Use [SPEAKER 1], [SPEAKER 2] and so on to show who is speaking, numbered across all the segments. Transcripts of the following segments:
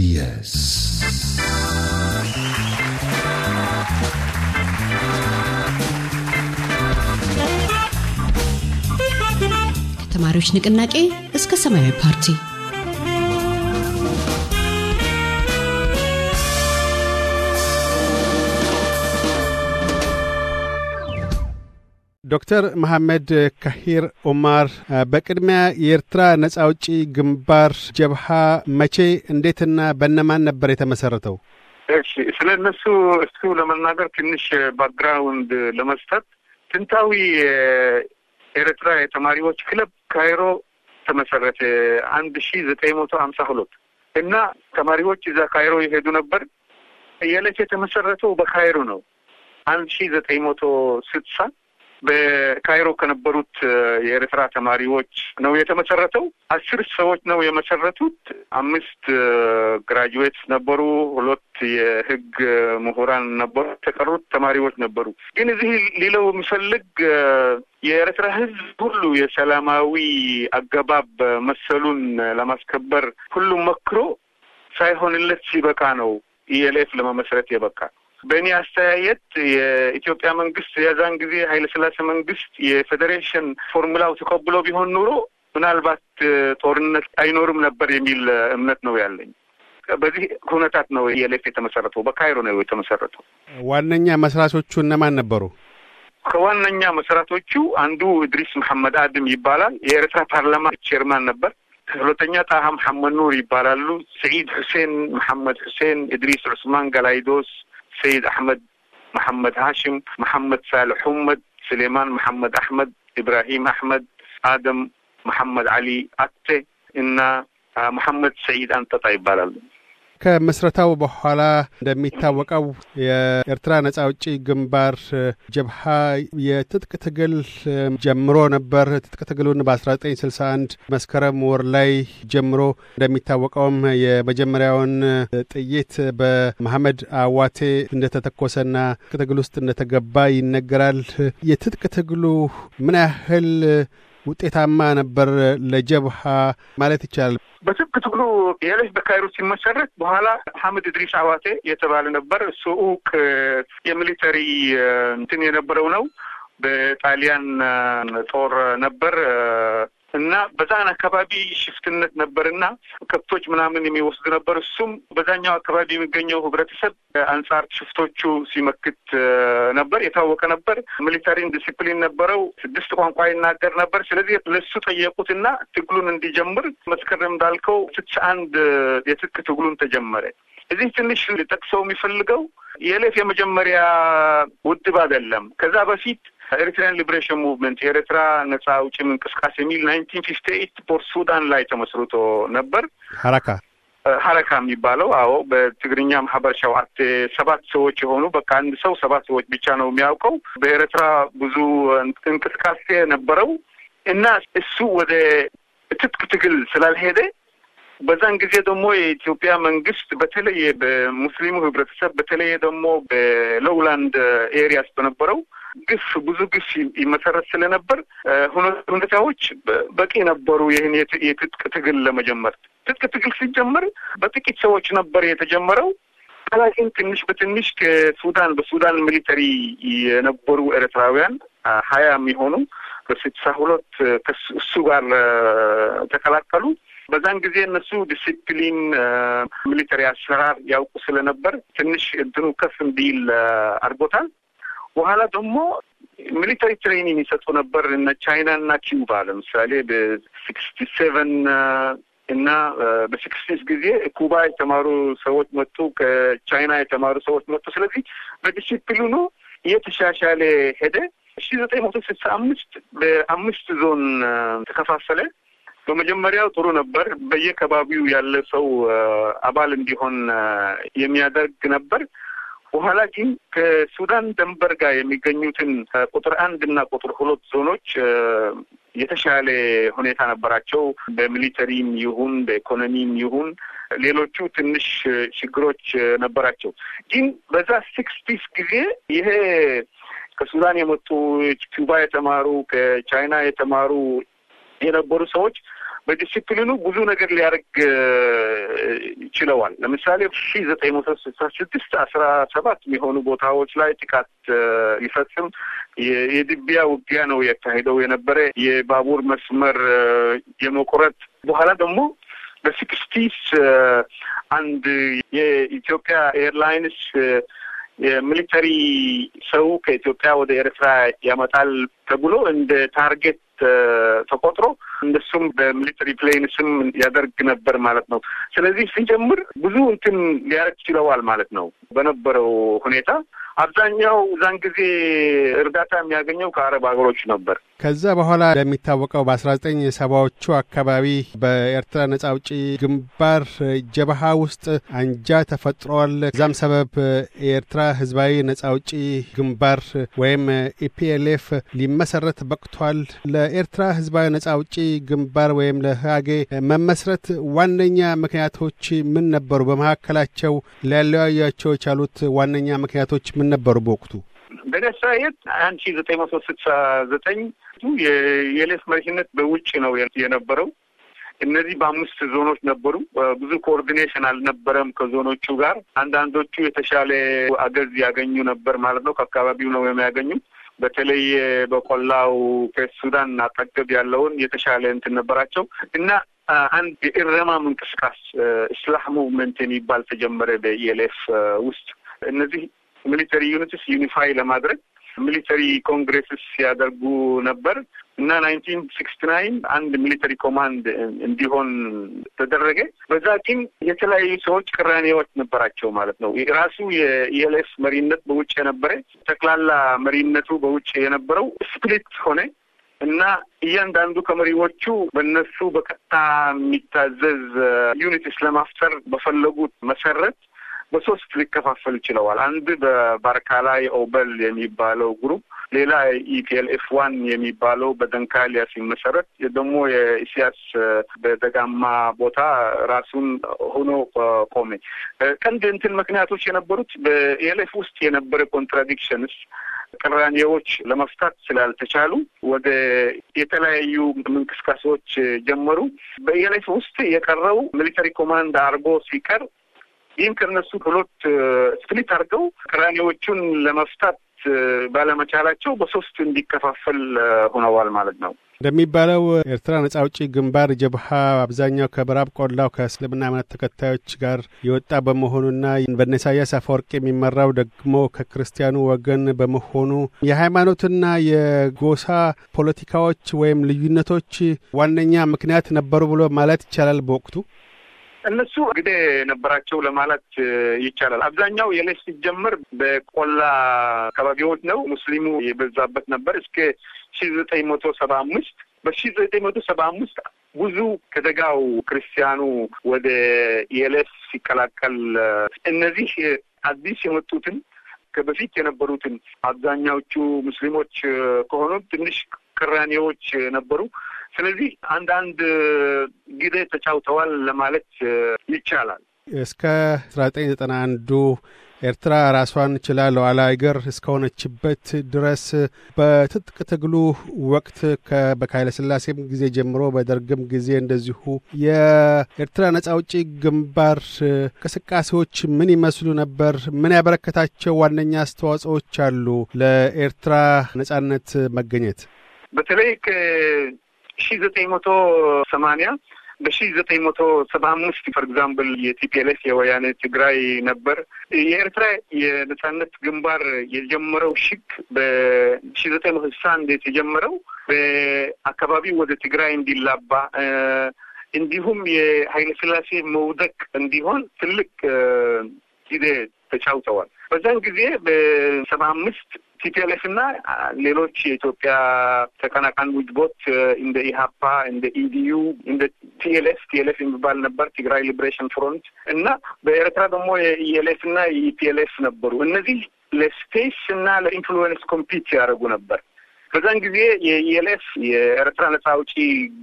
[SPEAKER 1] días. ከተማሪዎች ንቅናቄ እስከ ሰማያዊ ፓርቲ ዶክተር መሐመድ ካሂር ኡማር፣ በቅድሚያ የኤርትራ ነጻ አውጪ ግንባር ጀብሃ መቼ እንዴትና በነማን ነበር የተመሰረተው?
[SPEAKER 2] እሺ፣ ስለ እነሱ እሱ ለመናገር ትንሽ ባክግራውንድ ለመስጠት ጥንታዊ የኤርትራ የተማሪዎች ክለብ ካይሮ ተመሰረተ አንድ ሺ ዘጠኝ መቶ ሀምሳ ሁለት እና ተማሪዎች እዛ ካይሮ የሄዱ ነበር። የለች የተመሰረተው በካይሮ ነው አንድ ሺ ዘጠኝ መቶ ስድሳ በካይሮ ከነበሩት የኤርትራ ተማሪዎች ነው የተመሰረተው። አስር ሰዎች ነው የመሰረቱት። አምስት ግራጁዌትስ ነበሩ፣ ሁለት የህግ ምሁራን ነበሩ፣ የተቀሩት ተማሪዎች ነበሩ። ግን እዚህ ሊለው የሚፈልግ የኤርትራ ህዝብ ሁሉ የሰላማዊ አገባብ መሰሉን ለማስከበር ሁሉም መክሮ ሳይሆንለት ሲበቃ ነው ኢኤልኤፍ ለመመስረት የበቃ በእኔ አስተያየት የኢትዮጵያ መንግስት የዛን ጊዜ ኃይለስላሴ መንግስት የፌዴሬሽን ፎርሙላው ተቀብሎ ቢሆን ኑሮ ምናልባት ጦርነት አይኖርም ነበር የሚል እምነት ነው ያለኝ። በዚህ እውነታት ነው የሌፍ የተመሰረተው፣ በካይሮ ነው የተመሰረተው።
[SPEAKER 1] ዋነኛ መስራቾቹ እነማን ነበሩ?
[SPEAKER 2] ከዋነኛ መስራቶቹ አንዱ እድሪስ መሐመድ አድም ይባላል። የኤርትራ ፓርላማ ቼርማን ነበር። ሁለተኛ ጣሃ መሐመድ ኑር ይባላሉ። ስዒድ ሁሴን፣ መሐመድ ሁሴን፣ እድሪስ ዑስማን፣ ገላይዶስ السيد أحمد محمد هاشم محمد صالح حمد سليمان محمد أحمد إبراهيم أحمد آدم محمد علي أتي إن آه، محمد سعيد أنت طيب بالله
[SPEAKER 1] ከመስረታው በኋላ እንደሚታወቀው የኤርትራ ነጻ አውጪ ግንባር ጀብሃ የትጥቅ ትግል ጀምሮ ነበር። ትጥቅ ትግሉን በ1961 መስከረም ወር ላይ ጀምሮ እንደሚታወቀውም የመጀመሪያውን ጥይት በመሐመድ አዋቴ እንደተተኮሰና ትጥቅ ትግል ውስጥ እንደተገባ ይነገራል። የትጥቅ ትግሉ ምን ያህል ውጤታማ ነበር ለጀብሃ ማለት ይቻላል።
[SPEAKER 2] በስብክ ትግሉ የለሽ በካይሮ ሲመሰረት በኋላ ሐምድ እድሪስ አዋቴ የተባለ ነበር። እሱ ኡክ የሚሊተሪ እንትን የነበረው ነው። በጣሊያን ጦር ነበር እና በዛን አካባቢ ሽፍትነት ነበርና ከብቶች ምናምን የሚወስዱ ነበር። እሱም በዛኛው አካባቢ የሚገኘው ህብረተሰብ አንጻር ሽፍቶቹ ሲመክት ነበር፣ የታወቀ ነበር። ሚሊታሪን ዲሲፕሊን ነበረው። ስድስት ቋንቋ ይናገር ነበር። ስለዚህ ለሱ ጠየቁትና ትግሉን እንዲጀምር መስከረም እንዳልከው ስልሳ አንድ የትጥቅ ትግሉን ተጀመረ። እዚህ ትንሽ ጠቅሰው የሚፈልገው የእለት የመጀመሪያ ውድብ አይደለም። ከዛ በፊት ኤሪትሪያን ሊብሬሽን ሙቭመንት የኤርትራ ነጻ አውጪ እንቅስቃሴ የሚል ናይንቲን ፊፍቲ ኤይት ፖርት ሱዳን ላይ ተመስርቶ ነበር። ሀረካ ሀረካ የሚባለው አዎ፣ በትግርኛ ማህበር ሸውዓት ሰባት ሰዎች የሆኑ በቃ አንድ ሰው ሰባት ሰዎች ብቻ ነው የሚያውቀው። በኤርትራ ብዙ እንቅስቃሴ ነበረው እና እሱ ወደ ትጥቅ ትግል ስላልሄደ በዛን ጊዜ ደግሞ የኢትዮጵያ መንግስት በተለየ በሙስሊሙ ህብረተሰብ በተለየ ደግሞ በሎውላንድ ኤሪያስ በነበረው ግፍ ብዙ ግፍ ይመሰረት ስለነበር ሁኔታዎች በቂ ነበሩ ይህን የትጥቅ ትግል ለመጀመር። ትጥቅ ትግል ሲጀመር በጥቂት ሰዎች ነበር የተጀመረው። ከላይም ትንሽ በትንሽ ከሱዳን በሱዳን ሚሊተሪ የነበሩ ኤርትራውያን ሀያ የሚሆኑ በስድሳ ሁለት እሱ ጋር ተቀላቀሉ። በዛን ጊዜ እነሱ ዲሲፕሊን ሚሊተሪ አሰራር ያውቁ ስለነበር ትንሽ እንትኑ ከፍ እንዲል አድርጎታል። በኋላ ደግሞ ሚሊተሪ ትሬኒንግ ይሰጡ ነበር እነ ቻይና እና ኪዩባ ለምሳሌ በሲክስቲ ሴቨን እና በሲክስቲስ ጊዜ ኩባ የተማሩ ሰዎች መጡ፣ ከቻይና የተማሩ ሰዎች መጡ። ስለዚህ በዲሲፕሊኑ እየተሻሻለ ሄደ። ሺ ዘጠኝ መቶ ስልሳ አምስት በአምስት ዞን ተከፋፈለ። በመጀመሪያው ጥሩ ነበር። በየከባቢው ያለ ሰው አባል እንዲሆን የሚያደርግ ነበር። በኋላ ግን ከሱዳን ደንበር ጋር የሚገኙትን ቁጥር አንድ እና ቁጥር ሁለት ዞኖች የተሻለ ሁኔታ ነበራቸው። በሚሊተሪም ይሁን በኢኮኖሚም ይሁን ሌሎቹ ትንሽ ችግሮች ነበራቸው። ግን በዛ ሲክስ ጊዜ ይሄ ከሱዳን የመጡ ኪውባ የተማሩ ከቻይና የተማሩ የነበሩ ሰዎች በዲሲፕሊኑ ብዙ ነገር ሊያደርግ ችለዋል። ለምሳሌ ሺ ዘጠኝ መቶ ስልሳ ስድስት አስራ ሰባት የሚሆኑ ቦታዎች ላይ ጥቃት ሊፈጽም የድቢያ ውጊያ ነው ያካሄደው የነበረ የባቡር መስመር የመቁረጥ በኋላ ደግሞ በስክስቲስ አንድ የኢትዮጵያ ኤርላይንስ የሚሊተሪ ሰው ከኢትዮጵያ ወደ ኤርትራ ያመጣል ተብሎ እንደ ታርጌት ተቆጥሮ እንደሱም በሚሊተሪ ፕሌን ስም ያደርግ ነበር ማለት ነው። ስለዚህ ሲጀምር ብዙ እንትን ሊያደርግ ችለዋል ማለት ነው በነበረው ሁኔታ አብዛኛው እዛን ጊዜ እርዳታ የሚያገኘው ከአረብ ሀገሮች ነበር።
[SPEAKER 1] ከዛ በኋላ እንደሚታወቀው በአስራ ዘጠኝ ሰባዎቹ አካባቢ በኤርትራ ነጻ አውጪ ግንባር ጀበሃ ውስጥ አንጃ ተፈጥሯል። እዛም ሰበብ የኤርትራ ህዝባዊ ነጻ አውጪ ግንባር ወይም ኢፒኤልኤፍ ሊመሰረት በቅቷል። ለኤርትራ ህዝባዊ ነጻ አውጪ ግንባር ወይም ለህአጌ መመስረት ዋነኛ ምክንያቶች ምን ነበሩ? በመካከላቸው ሊያለያያቸው የቻሉት ዋነኛ ምክንያቶች ምን ነበሩ በወቅቱ?
[SPEAKER 2] በደሳ የት አንድ ሺ ዘጠኝ መቶ ስልሳ ዘጠኝ የኤሌስ መሪህነት በውጭ ነው የነበረው። እነዚህ በአምስት ዞኖች ነበሩ። ብዙ ኮኦርዲኔሽን አልነበረም ከዞኖቹ ጋር። አንዳንዶቹ የተሻለ አገዝ ያገኙ ነበር ማለት ነው። ከአካባቢው ነው የሚያገኙ። በተለይ በቆላው ከሱዳን አጠገብ ያለውን የተሻለ እንትን ነበራቸው እና አንድ የእረማም እንቅስቃሴ እስላህ ሙቭመንት የሚባል ተጀመረ በኢኤልኤፍ ውስጥ እነዚህ ሚሊተሪ ዩኒትስ ዩኒፋይ ለማድረግ ሚሊተሪ ኮንግሬስስ ሲያደርጉ ነበር እና ናይንቲን ሲክስቲ ናይን አንድ ሚሊተሪ ኮማንድ እንዲሆን ተደረገ። በዛ ግን የተለያዩ ሰዎች ቅራኔዎች ነበራቸው ማለት ነው። ራሱ የኢኤልኤፍ መሪነት በውጭ የነበረ ጠቅላላ መሪነቱ በውጭ የነበረው ስፕሊት ሆነ እና እያንዳንዱ ከመሪዎቹ በእነሱ በቀጥታ የሚታዘዝ ዩኒትስ ለማፍጠር በፈለጉት መሰረት በሶስት ሊከፋፈሉ ይችለዋል። አንድ በባርካላ የኦበል የሚባለው ግሩፕ፣ ሌላ ኢፒኤልኤፍ ዋን የሚባለው በደንካሊያ ሲመሰረት ደግሞ የኢሲያስ በደጋማ ቦታ ራሱን ሆኖ ቆሜ ቀንድ እንትን ምክንያቶች የነበሩት በኢኤልኤፍ ውስጥ የነበረ ኮንትራዲክሽንስ ቅራኔዎች ለመፍታት ስላልተቻሉ ወደ የተለያዩ እንቅስቃሴዎች ጀመሩ። በኢኤልኤፍ ውስጥ የቀረው ሚሊተሪ ኮማንድ አድርጎ ሲቀር ይህም ከነሱ ቶሎት ስፕሊት አድርገው ቅራኔዎቹን ለመፍታት ባለመቻላቸው በሶስት እንዲከፋፈል ሆነዋል ማለት ነው።
[SPEAKER 1] እንደሚባለው ኤርትራ ነጻ አውጪ ግንባር ጀብሃ አብዛኛው ከበራብ ቆላው ከእስልምና እምነት ተከታዮች ጋር የወጣ በመሆኑና በነሳያስ ኢሳያስ አፈወርቅ የሚመራው ደግሞ ከክርስቲያኑ ወገን በመሆኑ የሃይማኖትና የጎሳ ፖለቲካዎች ወይም ልዩነቶች ዋነኛ ምክንያት ነበሩ ብሎ ማለት ይቻላል በወቅቱ
[SPEAKER 2] እነሱ ግዴ ነበራቸው ለማለት ይቻላል። አብዛኛው የሌስ ሲጀምር በቆላ አካባቢዎች ነው ሙስሊሙ የበዛበት ነበር እስከ ሺ ዘጠኝ መቶ ሰባ አምስት በሺ ዘጠኝ መቶ ሰባ አምስት ብዙ ከደጋው ክርስቲያኑ ወደ የሌስ ሲቀላቀል እነዚህ አዲስ የመጡትን ከበፊት የነበሩትን አብዛኛዎቹ ሙስሊሞች ከሆኑ ትንሽ ቅራኔዎች ነበሩ። ስለዚህ አንዳንድ ጊዜ ተጫውተዋል ለማለት ይቻላል።
[SPEAKER 1] እስከ አስራ ዘጠኝ ዘጠና አንዱ ኤርትራ ራሷን ችላ ሉዓላዊ ሀገር እስከሆነችበት ድረስ በትጥቅ ትግሉ ወቅት በኃይለሥላሴም ጊዜ ጀምሮ በደርግም ጊዜ እንደዚሁ የኤርትራ ነጻ አውጪ ግንባር እንቅስቃሴዎች ምን ይመስሉ ነበር? ምን ያበረከታቸው ዋነኛ አስተዋጽኦዎች አሉ ለኤርትራ ነጻነት መገኘት?
[SPEAKER 2] በተለይ ሺ ዘጠኝ መቶ በሺ ዘጠኝ መቶ ሰባ አምስት ፎር ኤግዛምፕል የቲፒኤልኤፍ የወያኔ ትግራይ ነበር። የኤርትራ የነጻነት ግንባር የጀመረው ሽግ በሺ ዘጠኝ መቶ ስልሳ አንድ የተጀመረው በአካባቢው ወደ ትግራይ እንዲላባ እንዲሁም የኃይለ መውደቅ እንዲሆን ትልቅ ጊዜ ተጫውተዋል። በዛን ጊዜ በሰባ አምስት ቲፒኤልኤፍ እና ሌሎች የኢትዮጵያ ተቀናቃኝ ውጅቦት እንደ ኢሀፓ፣ እንደ ኢዲዩ፣ እንደ ቲኤልኤፍ ቲኤልኤፍ የሚባል ነበር፣ ትግራይ ሊብሬሽን ፍሮንት እና በኤርትራ ደግሞ የኢኤልኤፍ እና ኢፒኤልኤፍ ነበሩ። እነዚህ ለስፔስ እና ለኢንፍሉዌንስ ኮምፒት ያደርጉ ነበር። በዛን ጊዜ የኢኤልኤፍ የኤርትራ ነጻ አውጪ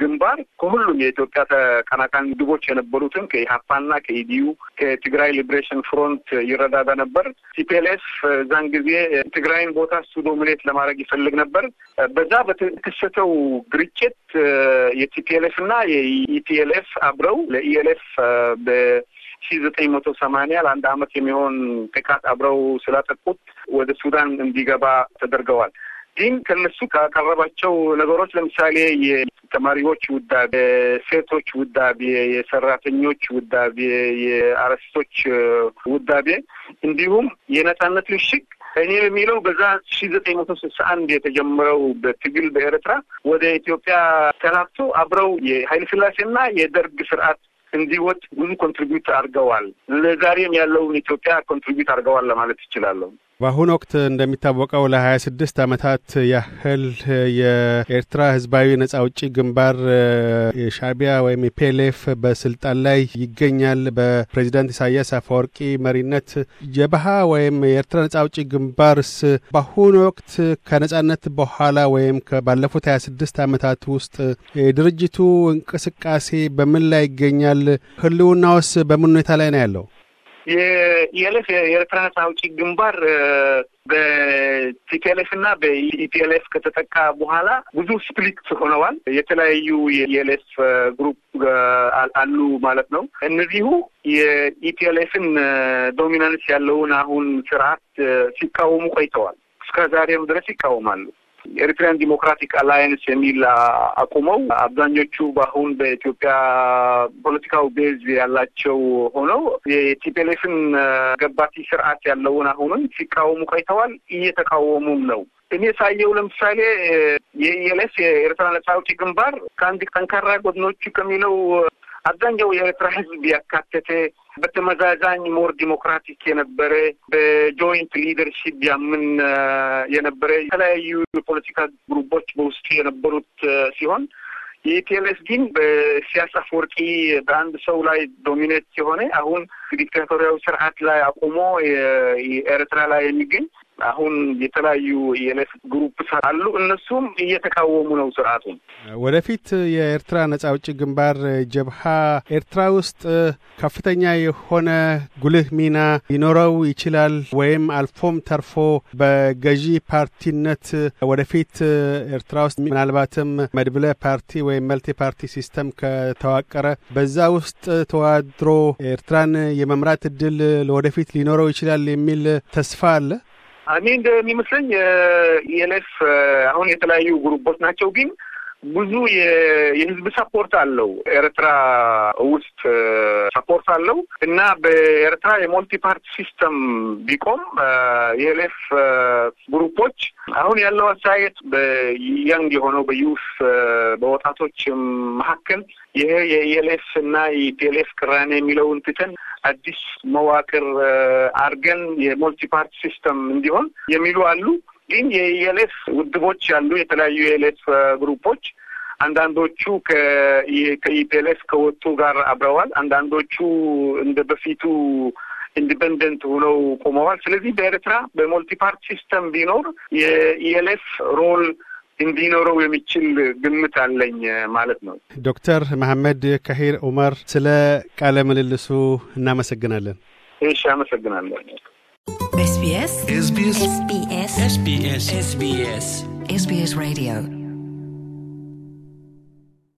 [SPEAKER 2] ግንባር ከሁሉም የኢትዮጵያ ተቀናቃኝ ግቦች የነበሩትን ከኢሀፓና ከኢዲዩ ከትግራይ ሊብሬሽን ፍሮንት ይረዳዳ ነበር። ሲፒኤልኤፍ እዛን ጊዜ ትግራይን ቦታ እሱ ዶሚኔት ለማድረግ ይፈልግ ነበር። በዛ በተከሰተው ግርጭት የሲፒኤልኤፍ እና የኢፒኤልኤፍ አብረው ለኢኤልኤፍ በ ሺ ዘጠኝ መቶ ሰማንያ ለአንድ አመት የሚሆን ጥቃት አብረው ስላጠቁት ወደ ሱዳን እንዲገባ ተደርገዋል። ግን ከነሱ ካቀረባቸው ነገሮች ለምሳሌ የተማሪዎች ውዳቤ፣ ሴቶች ውዳቤ፣ የሰራተኞች ውዳቤ፣ የአረስቶች ውዳቤ እንዲሁም የነጻነት ልሽግ እኔ የሚለው በዛ ሺ ዘጠኝ መቶ ስልሳ አንድ የተጀመረው በትግል በኤርትራ ወደ ኢትዮጵያ ተላብቶ አብረው የኃይለ ሥላሴና የደርግ ስርዓት እንዲወጥ ብዙ ኮንትሪቢዩት አድርገዋል። ለዛሬም ያለውን ኢትዮጵያ ኮንትሪቢዩት አድርገዋል ለማለት ይችላለሁ።
[SPEAKER 1] በአሁኑ ወቅት እንደሚታወቀው ለ26 ዓመታት ያህል የኤርትራ ህዝባዊ ነጻ አውጪ ግንባር የሻቢያ ወይም የፔሌፍ በስልጣን ላይ ይገኛል። በፕሬዚዳንት ኢሳያስ አፈወርቂ መሪነት የባሃ ወይም የኤርትራ ነጻ አውጪ ግንባርስ በአሁኑ ወቅት ከነጻነት በኋላ ወይም ባለፉት 26 ዓመታት ውስጥ የድርጅቱ እንቅስቃሴ በምን ላይ ይገኛል? ህልውናውስ በምን ሁኔታ ላይ ነው ያለው?
[SPEAKER 2] የኢፒኤልኤፍ የኤርትራ ነጻ አውጪ ግንባር በቲፒኤልኤፍ እና በኢፒኤልኤፍ ከተጠቃ በኋላ ብዙ ስፕሊት ሆነዋል። የተለያዩ የኢፒኤልኤፍ ግሩፕ አሉ ማለት ነው። እነዚሁ የኢፒኤልኤፍን ዶሚናንስ ያለውን አሁን ስርዓት ሲቃወሙ ቆይተዋል። እስከ ዛሬም ድረስ ይቃወማሉ። ኤሪትሪያን ዲሞክራቲክ አላያንስ የሚል አቁመው አብዛኞቹ በአሁን በኢትዮጵያ ፖለቲካው ቤዝ ያላቸው ሆነው የቲፒኤልኤፍን ገባቲ ስርዓት ያለውን አሁንም ሲቃወሙ ቆይተዋል። እየተቃወሙም ነው። እኔ ሳየው ለምሳሌ የኢኤልኤስ የኤርትራ ነጻ አውጪ ግንባር ከአንድ ጠንካራ ጎድኖቹ ከሚለው አብዛኛው የኤርትራ ህዝብ ያካተተ በተመዛዛኝ ሞር ዲሞክራቲክ የነበረ በጆይንት ሊደርሺፕ ያምን የነበረ የተለያዩ የፖለቲካ ግሩቦች በውስጡ የነበሩት ሲሆን የኢፒኤልኤፍ ግን በኢሳያስ አፈወርቂ በአንድ ሰው ላይ ዶሚኔት የሆነ አሁን ዲክታቶሪያዊ ስርዓት ላይ አቁሞ የኤርትራ ላይ የሚገኝ አሁን የተለያዩ የነፍ ግሩፕ አሉ። እነሱም እየተቃወሙ ነው ስርአቱን።
[SPEAKER 1] ወደፊት የኤርትራ ነጻ አውጪ ግንባር ጀብሃ ኤርትራ ውስጥ ከፍተኛ የሆነ ጉልህ ሚና ሊኖረው ይችላል ወይም አልፎም ተርፎ በገዢ ፓርቲነት ወደፊት ኤርትራ ውስጥ ምናልባትም መድብለ ፓርቲ ወይም መልቲ ፓርቲ ሲስተም ከተዋቀረ በዛ ውስጥ ተዋድሮ ኤርትራን የመምራት እድል ለወደፊት ሊኖረው ይችላል የሚል ተስፋ አለ።
[SPEAKER 2] እኔ እንደሚመስለኝ ኢኤልኤፍ e አሁን የተለያዩ ግሩፖች ናቸው ግን ብዙ የህዝብ ሰፖርት አለው። ኤርትራ ውስጥ ሰፖርት አለው እና በኤርትራ የሞልቲ ፓርቲ ሲስተም ቢቆም የኤልኤፍ e ግሩፖች አሁን ያለው አስተያየት በያንግ የሆነው በዩስ በወጣቶች መካከል ይሄ የኢኤልኤፍ እና የፒኤልኤፍ ቅራኔ የሚለውን ትተን አዲስ መዋቅር አድርገን የሞልቲፓርቲ ሲስተም እንዲሆን የሚሉ አሉ። ግን የኢኤልኤፍ ውድቦች ያሉ የተለያዩ የኤልኤፍ ግሩፖች አንዳንዶቹ ከኢፒኤልኤፍ ከወጡ ጋር አብረዋል። አንዳንዶቹ እንደ በፊቱ ኢንዲፐንደንት ሆነው ቆመዋል። ስለዚህ በኤርትራ በሞልቲ ሲስተም ቢኖር የኢኤልኤፍ ሮል እንዲኖረው የሚችል ግምት አለኝ ማለት ነው።
[SPEAKER 1] ዶክተር መሐመድ ከሂር ኡመር ስለ ቃለ ምልልሱ እናመሰግናለን።
[SPEAKER 2] እሺ፣ አመሰግናለሁ። ኤስቢኤስ ሬዲዮ